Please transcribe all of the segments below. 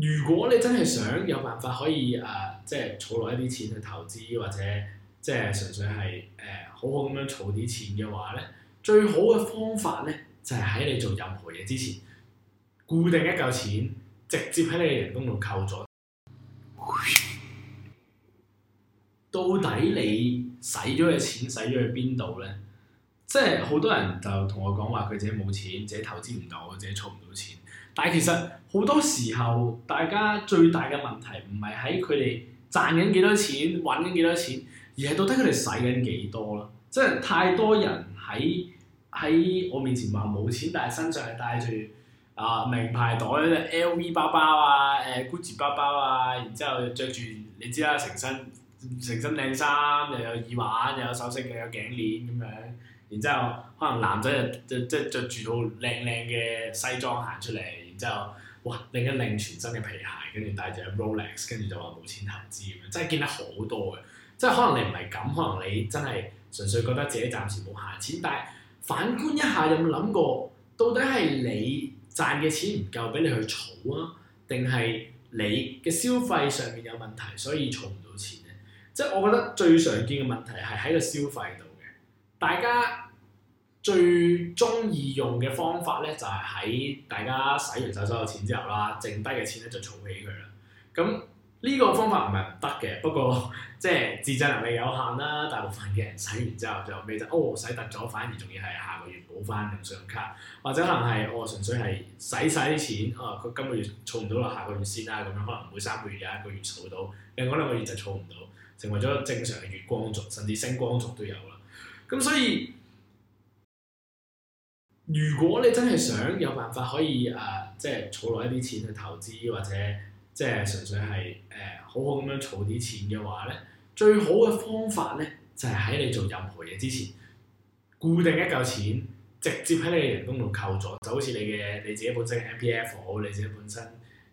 如果你真係想有辦法可以誒、呃，即係儲落一啲錢去投資，或者即係純粹係誒、呃、好好咁樣儲啲錢嘅話咧，最好嘅方法咧就係、是、喺你做任何嘢之前，固定一嚿錢，直接喺你嘅人工度扣咗。到底你使咗嘅錢使咗去邊度咧？即係好多人就同我講話，佢自己冇錢，自己投資唔到，自己儲唔到錢。但係其實好多時候，大家最大嘅問題唔係喺佢哋賺緊幾多錢、搵緊幾多錢，而係到底佢哋使緊幾多啦？即係太多人喺喺我面前話冇錢，但係身上係帶住啊名牌袋 LV 包包啊、誒、呃、Gucci 包包啊，然之後着住你知啦，成身成身靚衫，又有耳環，又有首飾，又有頸鏈咁樣，然之後可能男仔就即係著住套靚靚嘅西裝行出嚟。就哇，另一另全新嘅皮鞋，跟住戴住隻 Rolex，跟住就話冇錢投資，咁樣，真係見得好多嘅。即係可能你唔係咁，可能你真係純粹覺得自己暫時冇閒錢，但係反觀一下，有冇諗過到底係你賺嘅錢唔夠俾你去儲啊，定係你嘅消費上面有問題，所以儲唔到錢咧？即係我覺得最常見嘅問題，係喺個消費度嘅，大家。最中意用嘅方法咧，就係喺大家洗完晒所有錢之後啦，剩低嘅錢咧就儲起佢啦。咁呢個方法唔係唔得嘅，不過即係自制能力有限啦。大部分嘅人洗完之後，就未尾就哦洗得咗，反而仲要係下個月補翻定信用卡，或者可能係我純粹係洗晒啲錢哦，佢今個月儲唔到啦，下個月先啦咁樣。可能每三個月有一個月儲到，另外兩個月就儲唔到，成為咗正常嘅月光族，甚至星光族都有啦。咁所以。如果你真係想有辦法可以誒、呃，即係儲落一啲錢去投資，或者即係純粹係誒、呃、好好咁樣儲啲錢嘅話咧，最好嘅方法咧就係、是、喺你做任何嘢之前，固定一嚿錢，直接喺你嘅人工度扣咗，就好似你嘅你自己本身嘅 MPF 好，你自己本身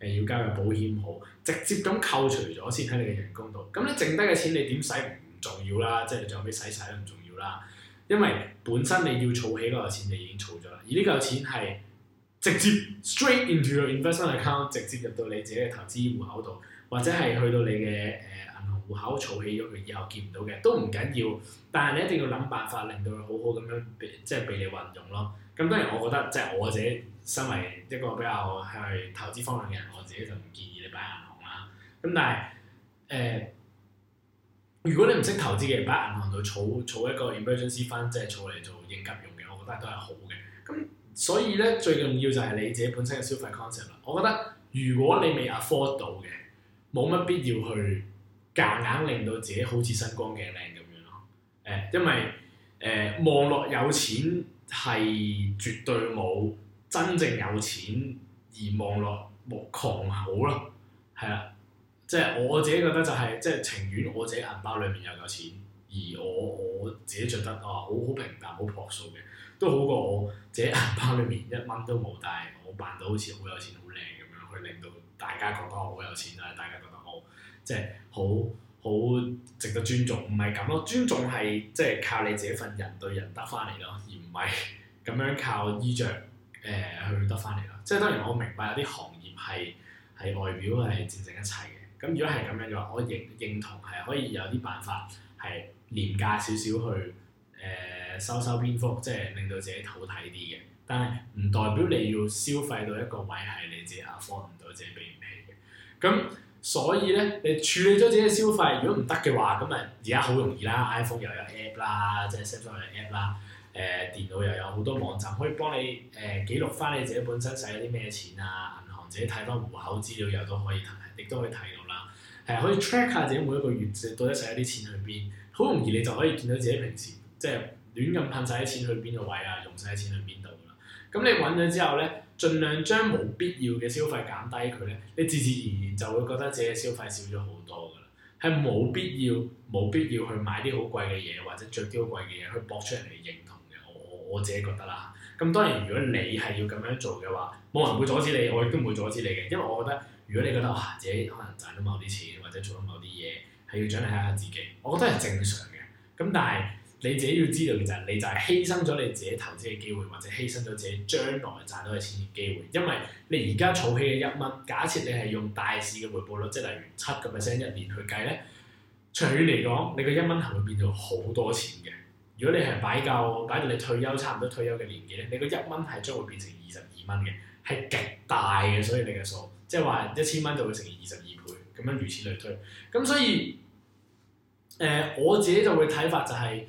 誒要交嘅保險好，直接咁扣除咗先喺你嘅人工度。咁你剩低嘅錢你點使唔重要啦，即係你仲有咩使使都唔重要啦，因為，本身你要儲起嗰嚿錢，你已經儲咗啦。而呢嚿錢係直接 straight into your investment account，直接入到你自己嘅投資戶口度，或者係去到你嘅誒銀行戶口儲起咗佢以後見唔到嘅都唔緊要。但係你一定要諗辦法令到佢好好咁樣畀即係畀你運用咯。咁當然我覺得即係、就是、我自己身為一個比較係投資方向嘅人，我自己就唔建議你擺銀行啦。咁但係誒。呃如果你唔識投資嘅，擺銀行度儲儲一個 emergency fund，即係儲嚟做應急用嘅，我覺得都係好嘅。咁所以咧，最重要就係你自己本身嘅消費 concept。我覺得如果你未 afford 到嘅，冇乜必要去夾硬令到自己好似身光頸靚咁樣咯。誒，因為誒望落有錢係絕對冇真正有錢而望落冇狂口咯，係啦。即係我自己覺得就係、是，即係情願我自己銀包裏面有嚿錢，而我我自己着得啊好好平淡好樸素嘅，都好過我自己銀包裏面一蚊都冇，但係我扮到好似好有錢好靚咁樣，去令到大家覺得我好有錢啊！大家覺得我即係好好值得尊重，唔係咁咯。尊重係即係靠你自己份人對人得翻嚟咯，而唔係咁樣靠衣着誒、呃、去得翻嚟咯。即係當然我明白有啲行業係係外表係戰勝一切嘅。咁如果係咁樣嘅話，我認認同係可以有啲辦法係廉價少少去誒、呃、收收邊幅，即係令到自己好睇啲嘅。但係唔代表你要消費到一個位係你自己 afford 唔到，自己俾唔起嘅。咁所以咧，你處理咗自己嘅消費，如果唔得嘅話，咁咪而家好容易啦，iPhone 又有 app 啦，即係 Samsung 有 app 啦，誒電腦又有好多網站可以幫你誒記錄翻你自己本身使咗啲咩錢啊，銀行自己睇翻戶口資料又都可以睇，亦都可以睇到。係可以 check 下自己每一個月到底使咗啲錢去邊，好容易你就可以見到自己平時即係亂咁噴晒啲錢去邊個位啊，用晒啲錢去邊度啦。咁你揾咗之後咧，盡量將冇必要嘅消費減低佢咧，你自自然然就會覺得自己嘅消費少咗好多㗎啦。係冇必要冇必要去買啲好貴嘅嘢或者最嬌貴嘅嘢去博出人哋認同嘅。我我自己覺得啦。咁當然如果你係要咁樣做嘅話，冇人會阻止你，我亦都唔會阻止你嘅，因為我覺得。如果你覺得，啊，自己可能賺到某啲錢，或者做咗某啲嘢，係要獎勵下下自己，我覺得係正常嘅。咁但係你自己要知道嘅就係、是，你就係犧牲咗你自己投資嘅機會，或者犧牲咗自己將來賺到嘅錢嘅機會。因為你而家儲起嘅一蚊，假設你係用大市嘅回報率，即係例如七個 percent 一年去計咧，長遠嚟講，你個一蚊係會變到好多錢嘅。如果你係擺夠，擺到你退休，差唔多退休嘅年紀咧，你個一蚊係將會變成二十二蚊嘅，係極大嘅，所以你嘅數。即係話一千蚊就會成二十二倍，咁樣如此類推。咁所以，誒、呃、我自己就會睇法就係、是，誒、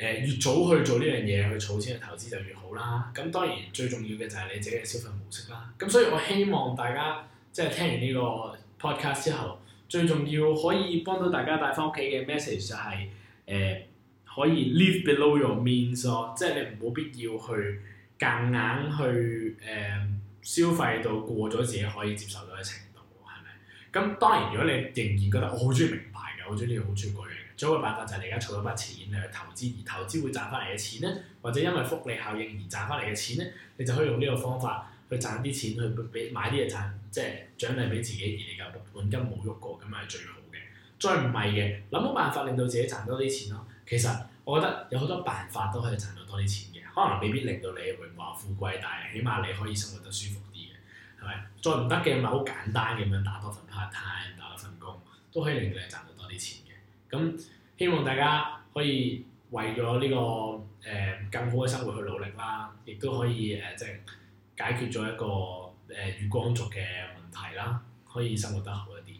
呃、越早去做呢樣嘢去儲錢去投資就越好啦。咁當然最重要嘅就係你自己嘅消費模式啦。咁所以我希望大家即係聽完呢個 podcast 之後，最重要可以幫到大家帶翻屋企嘅 message 就係、是，誒、呃、可以 live below your means 咯、呃，即係你冇必要去夾硬去誒。呃消費到過咗自己可以接受到嘅程度，係咪？咁當然，如果你仍然覺得我好中意名牌嘅，好中意好中意嗰樣嘅，最好嘅辦法就係你而家儲咗筆錢你去投資，而投資會賺翻嚟嘅錢咧，或者因為複利效應而賺翻嚟嘅錢咧，你就可以用呢個方法去賺啲錢去俾買啲嘢賺，即係獎勵俾自己，而你嘅本金冇喐過，咁咪最好。再唔係嘅，諗好辦法令到自己賺多啲錢咯。其實我覺得有好多辦法都可以賺到多啲錢嘅，可能未必令到你榮華富貴，但係起碼你可以生活得舒服啲嘅，係咪？再唔得嘅咪好簡單咁樣打多份 part time，打多份工都可以令到你賺到多啲錢嘅。咁希望大家可以為咗呢個誒更好嘅生活去努力啦，亦都可以誒即係解決咗一個誒月光族嘅問題啦，可以生活得好一啲。